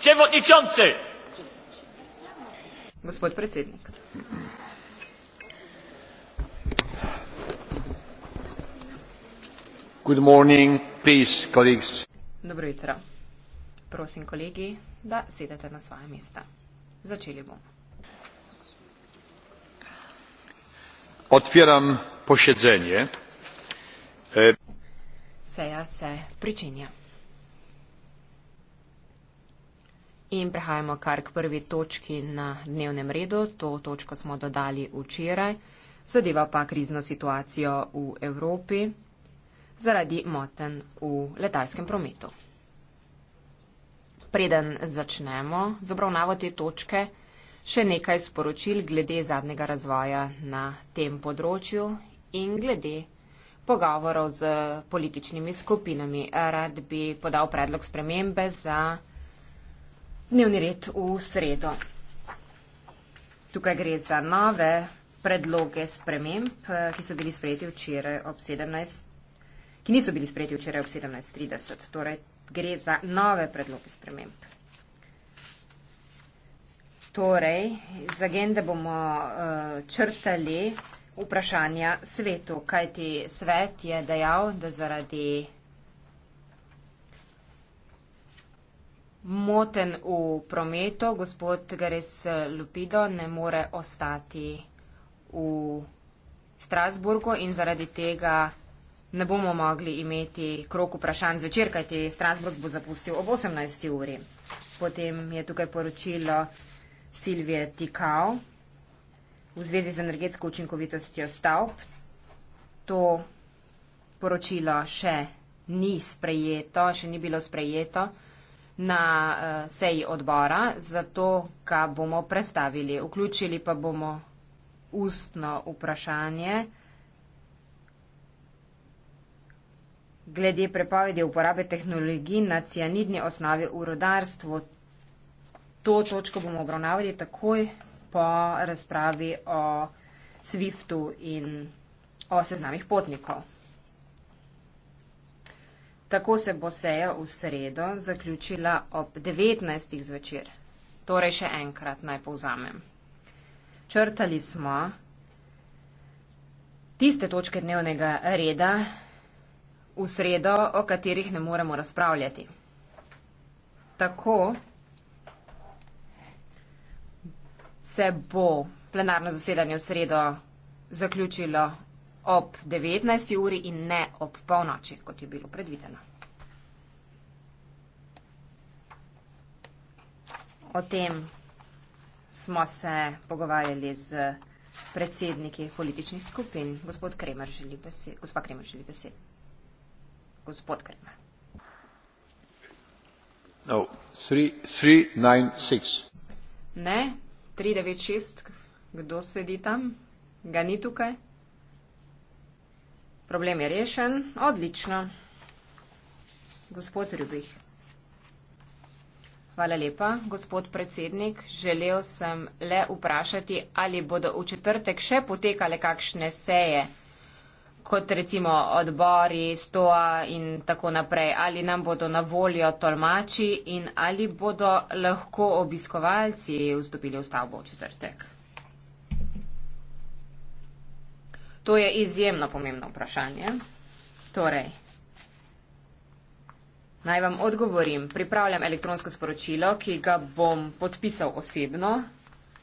Przewodniczący! Gospod predsednik. Good morning, please, colleagues. Dobro jutro. Prosim kolegi, da sedete na svoje mesta. Začeli bomo. Odpiram posjedzenje. E, Seja se pričinja. In prehajamo kar k prvi točki na dnevnem redu. To točko smo dodali včeraj. Zadeva pa krizno situacijo v Evropi zaradi moten v letalskem prometu. Preden začnemo z obravnavo te točke, še nekaj sporočil glede zadnjega razvoja na tem področju in glede pogovorov z političnimi skupinami. Rad bi podal predlog spremembe za dnevni red v sredo. Tukaj gre za nove predloge sprememb, eh, ki so bili sprejeti včeraj ob 17. ki niso bili sprejeti včeraj ob 17.30. Torej, gre za nove predloge sprememb. Torej, z agende bomo uh, črtali vprašanja svetu, kajti svet je dejal, da zaradi moten v prometu, gospod Gares Lupido ne more ostati v Strasburgu in zaradi tega ne bomo mogli imeti krok vprašanj zvečer, kajti Strasburg bo zapustil ob 18. uri. Potem je tukaj poročilo Silvije Tikau v zvezi z energetsko učinkovitostjo stavb. To poročilo še ni sprejeto, še ni bilo sprejeto na eh, seji odbora, zato ga bomo predstavili. Vključili pa bomo ustno vprašanje glede prepovedi uporabe tehnologij na cianidni osnovi v rodarstvu. To točko bomo obravnavali takoj po razpravi o SWIFT-u in o seznamih potnikov. Tako se bo seja v sredo zaključila ob 19. zvečer. Torej še enkrat naj povzamem. Črtali smo tiste točke dnevnega reda v sredo, o katerih ne moremo razpravljati. Tako se bo plenarno zasedanje v sredo zaključilo ob 19. uri in ne ob polnoči, kot je bilo predvideno. O tem smo se pogovarjali z predsedniki političnih skupin. Gospod Kremer želi besed. Gospa Kremer želi besed. Gospod Kremer. No, 396. Ne, 396. Kdo sedi tam? Ga ni tukaj? Problem je rešen. Odlično. Gospod Rubih. Hvala lepa, gospod predsednik. Želel sem le vprašati, ali bodo v četrtek še potekale kakšne seje, kot recimo odbori, stoa in tako naprej, ali nam bodo na voljo tolmači in ali bodo lahko obiskovalci vstopili v stavbo v četrtek. To je izjemno pomembno vprašanje. Torej, naj vam odgovorim. Pripravljam elektronsko sporočilo, ki ga bom podpisal osebno,